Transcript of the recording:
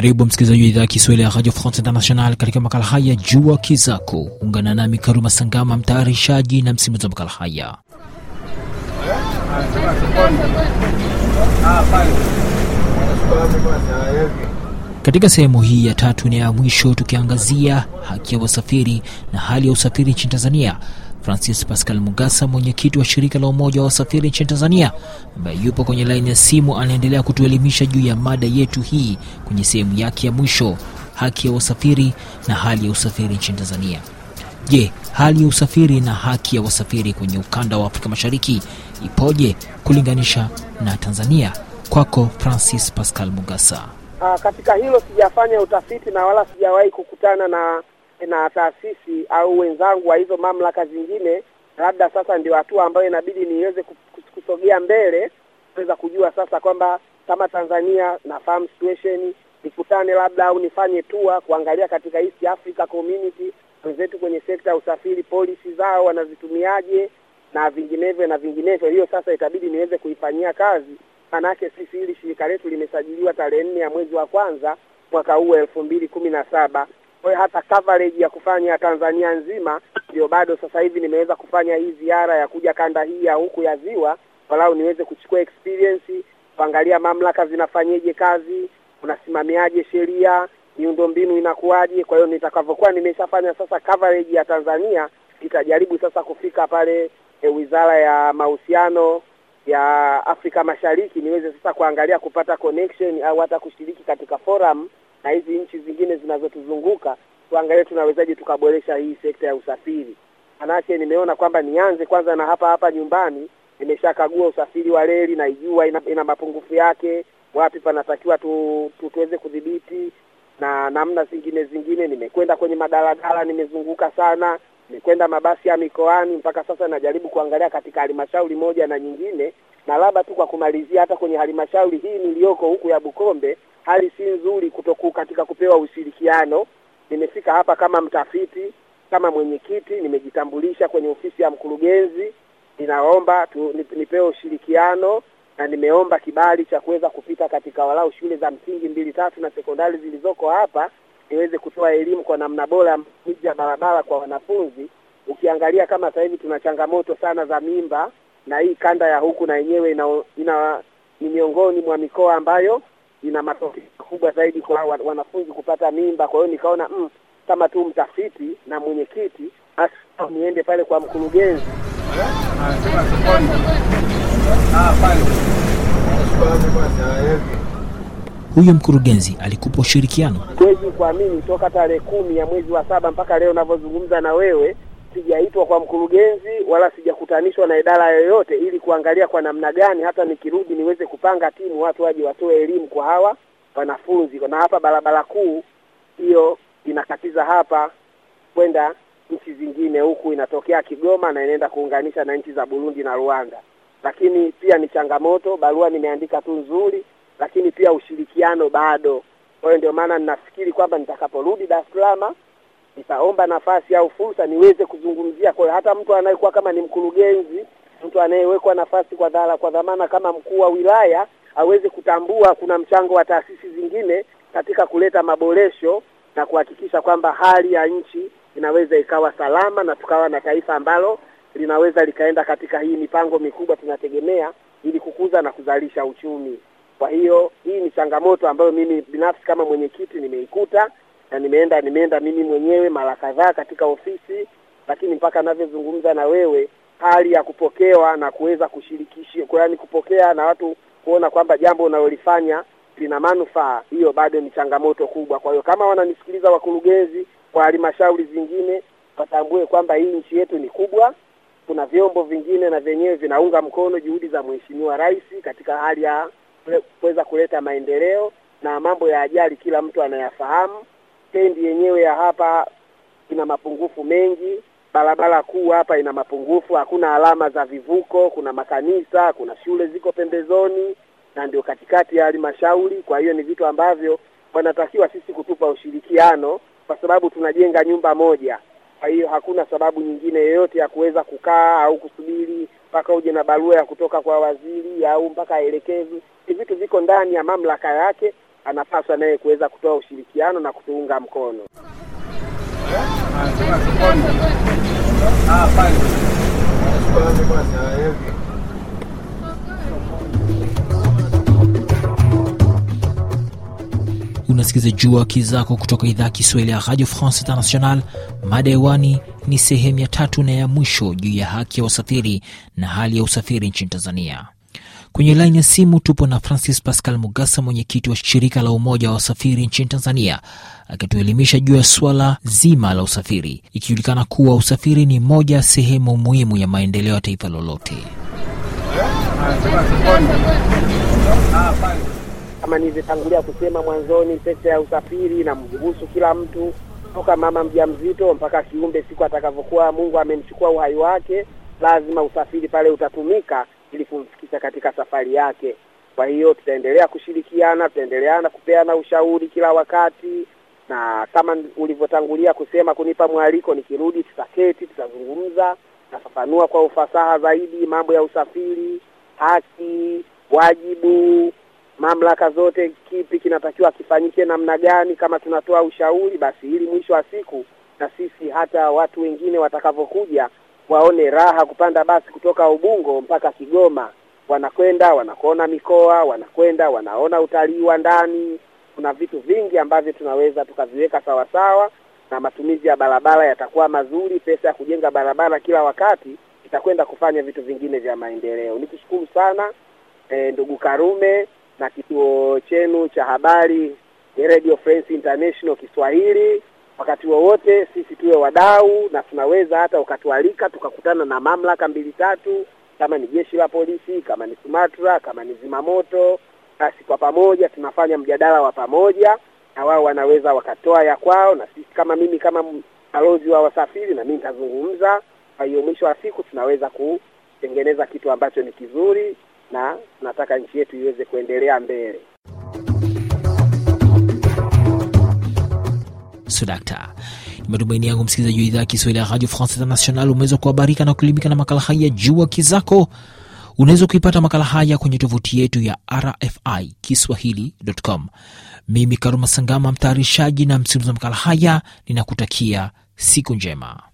Karibu msikilizaji wa idhaa ya Kiswahili ya Radio France International katika makala haya Jua Kizako. Ungana nami Karuma Sangama, mtayarishaji na msimuzi wa makala haya. Katika sehemu hii ya tatu ni ya mwisho, tukiangazia haki ya wasafiri na hali ya usafiri nchini Tanzania. Francis Pascal Mugasa, mwenyekiti wa shirika la umoja wa wasafiri nchini Tanzania, ambaye yupo kwenye laini ya simu, anaendelea kutuelimisha juu ya mada yetu hii kwenye sehemu yake ya mwisho, haki ya wasafiri na hali ya usafiri nchini Tanzania. Je, hali ya usafiri na haki ya wasafiri kwenye ukanda wa Afrika Mashariki ipoje kulinganisha na Tanzania? Kwako Francis Pascal Mugasa. Aa, ah, katika hilo sijafanya utafiti na wala sijawahi kukutana na na taasisi au wenzangu wa hizo mamlaka zingine, labda sasa ndio hatua ambayo inabidi niweze kusogea mbele kuweza kujua sasa kwamba kama Tanzania nafahamu situation, nikutane labda au nifanye tua kuangalia katika East Africa Community wenzetu kwenye sekta ya usafiri polisi zao wanazitumiaje na vinginevyo na vinginevyo. Hiyo sasa itabidi niweze kuifanyia kazi, manake sisi hili shirika letu limesajiliwa tarehe nne ya mwezi wa kwanza mwaka huu elfu mbili kumi na saba. Kwa hiyo hata coverage ya kufanya Tanzania nzima ndio bado sasa hivi nimeweza kufanya hii ziara ya kuja kanda hii ya huku ya ziwa, walau niweze kuchukua experience, kuangalia mamlaka zinafanyeje kazi, unasimamiaje sheria, miundombinu inakuwaje. Kwa hiyo nitakavyokuwa nimeshafanya sasa coverage ya Tanzania, nitajaribu sasa kufika pale e, wizara ya mahusiano ya Afrika Mashariki niweze sasa kuangalia kupata connection au hata kushiriki katika forum na hizi nchi zingine zinazotuzunguka, tuangalie tunawezaje tukaboresha hii sekta ya usafiri. Manake nimeona kwamba nianze kwanza na hapa hapa nyumbani. Nimeshakagua usafiri wa reli, naijua ina, ina mapungufu yake, wapi panatakiwa tu, tu, tuweze kudhibiti na namna zingine zingine. Nimekwenda kwenye madaladala, nimezunguka sana, nimekwenda mabasi ya mikoani. Mpaka sasa najaribu kuangalia katika halmashauri moja na nyingine na labda tu kwa kumalizia, hata kwenye halmashauri hii niliyoko huku ya Bukombe hali si nzuri kutoku katika kupewa ushirikiano. Nimefika hapa kama mtafiti, kama mwenyekiti, nimejitambulisha kwenye ofisi ya mkurugenzi, ninaomba tu, nipewe ushirikiano na nimeomba kibali cha kuweza kupita katika walau shule za msingi mbili tatu na sekondari zilizoko hapa niweze kutoa elimu kwa namna bora ya barabara kwa wanafunzi. Ukiangalia kama sasa hivi tuna changamoto sana za mimba na hii kanda ya huku na yenyewe ina, ina ni miongoni mwa mikoa ambayo ina matokeo makubwa zaidi kwa wanafunzi kupata mimba. Kwa hiyo nikaona mm, kama tu mtafiti na mwenyekiti niende pale kwa mkurugenzi huyo mkurugenzi alikupa ushirikiano. kwa kuamini, toka tarehe kumi ya mwezi wa saba mpaka leo ninavyozungumza na wewe sijaitwa kwa mkurugenzi wala sijakutanishwa na idara yoyote, ili kuangalia kwa namna gani hata nikirudi niweze kupanga timu, watu waje watoe elimu kwa hawa wanafunzi. Na hapa barabara kuu hiyo inakatiza hapa kwenda nchi zingine, huku inatokea Kigoma na inaenda kuunganisha na nchi za Burundi na Rwanda. Lakini pia ni changamoto, barua nimeandika tu nzuri, lakini pia ushirikiano bado. Kwa hiyo ndio maana ninafikiri kwamba nitakaporudi Dar es Salaam nitaomba nafasi au fursa niweze kuzungumzia. Kwa hiyo hata mtu anayekuwa kama ni mkurugenzi, mtu anayewekwa nafasi kwa dhala, kwa dhamana kama mkuu wa wilaya aweze kutambua kuna mchango wa taasisi zingine katika kuleta maboresho na kuhakikisha kwamba hali ya nchi inaweza ikawa salama na tukawa na taifa ambalo linaweza likaenda katika hii mipango mikubwa tunategemea ili kukuza na kuzalisha uchumi. Kwa hiyo hii ni changamoto ambayo mimi binafsi kama mwenyekiti nimeikuta na nimeenda nimeenda mimi mwenyewe mara kadhaa katika ofisi, lakini mpaka navyozungumza na wewe, hali ya kupokewa na kuweza kushirikishia, yaani kupokea na watu kuona kwamba jambo unalolifanya lina manufaa, hiyo bado ni changamoto kubwa. Kwa hiyo kama wananisikiliza wakurugenzi kwa halmashauri zingine, watambue kwamba hii nchi yetu ni kubwa, kuna vyombo vingine na vyenyewe vinaunga mkono juhudi za Mheshimiwa Rais katika hali ya kuweza kuleta maendeleo, na mambo ya ajali kila mtu anayafahamu stendi yenyewe ya hapa ina mapungufu mengi. Barabara kuu hapa ina mapungufu, hakuna alama za vivuko. Kuna makanisa, kuna shule ziko pembezoni na ndio katikati ya halmashauri. Kwa hiyo ni vitu ambavyo wanatakiwa sisi kutupa ushirikiano, kwa sababu tunajenga nyumba moja. Kwa hiyo hakuna sababu nyingine yoyote ya kuweza kukaa au kusubiri mpaka uje na barua ya kutoka kwa waziri au mpaka aelekezi. ni vitu viko ndani ya mamlaka yake, anapaswa naye kuweza kutoa ushirikiano na kutuunga mkono. Unasikiliza Jua Haki Zako kutoka idhaa ya Kiswahili ya Radio France International. Mada hewani ni sehemu ya tatu na ya mwisho juu ya haki ya usafiri na hali ya usafiri nchini Tanzania. Kwenye laini ya simu tupo na Francis Pascal Mugasa, mwenyekiti wa shirika la umoja wa wasafiri nchini Tanzania, akituelimisha juu ya suala zima la usafiri, ikijulikana kuwa usafiri ni moja ya sehemu muhimu ya maendeleo ya taifa lolote. Kama nilivyotangulia kusema mwanzoni, sekta ya usafiri inamhusu kila mtu toka mama mja mzito mpaka kiumbe siku atakavyokuwa Mungu amemchukua uhai wake, lazima usafiri pale utatumika ili kumfikisha katika safari yake. Kwa hiyo tutaendelea kushirikiana, tutaendelea na kupeana ushauri kila wakati, na kama ulivyotangulia kusema kunipa mwaliko, nikirudi tutaketi, tutazungumza, nafafanua kwa ufasaha zaidi mambo ya usafiri, haki, wajibu, mamlaka zote, kipi kinatakiwa kifanyike namna gani. Kama tunatoa ushauri, basi ili mwisho wa siku na sisi hata watu wengine watakavyokuja waone raha kupanda basi kutoka Ubungo mpaka Kigoma. Wanakwenda wanakuona mikoa, wanakwenda wanaona utalii wa ndani. Kuna vitu vingi ambavyo tunaweza tukaviweka sawasawa, na matumizi ya barabara yatakuwa mazuri. Pesa ya kujenga barabara kila wakati itakwenda kufanya vitu vingine vya maendeleo. Nikushukuru sana e, ndugu Karume na kituo chenu cha habari Radio France International Kiswahili wakati wowote sisi tuwe wadau, na tunaweza hata ukatualika tukakutana na mamlaka mbili tatu, kama ni jeshi la polisi, kama ni SUMATRA, kama ni zimamoto, basi kwa pamoja tunafanya mjadala wa pamoja, na wao wanaweza wakatoa ya kwao, na sisi kama mimi kama balozi wa wasafiri, na mimi nitazungumza. Kwa hiyo mwisho wa siku tunaweza kutengeneza kitu ambacho ni kizuri, na tunataka nchi yetu iweze kuendelea mbele. Sudakta. Ni matumaini yangu msikilizaji wa idhaa ya Kiswahili ya Radio France International umeweza kuhabarika na kuelimika na makala haya jua kizako. Unaweza kuipata makala haya kwenye tovuti yetu ya RFI Kiswahili.com. Mimi Karuma Sangama, mtayarishaji na msimulizi wa makala haya, ninakutakia siku njema.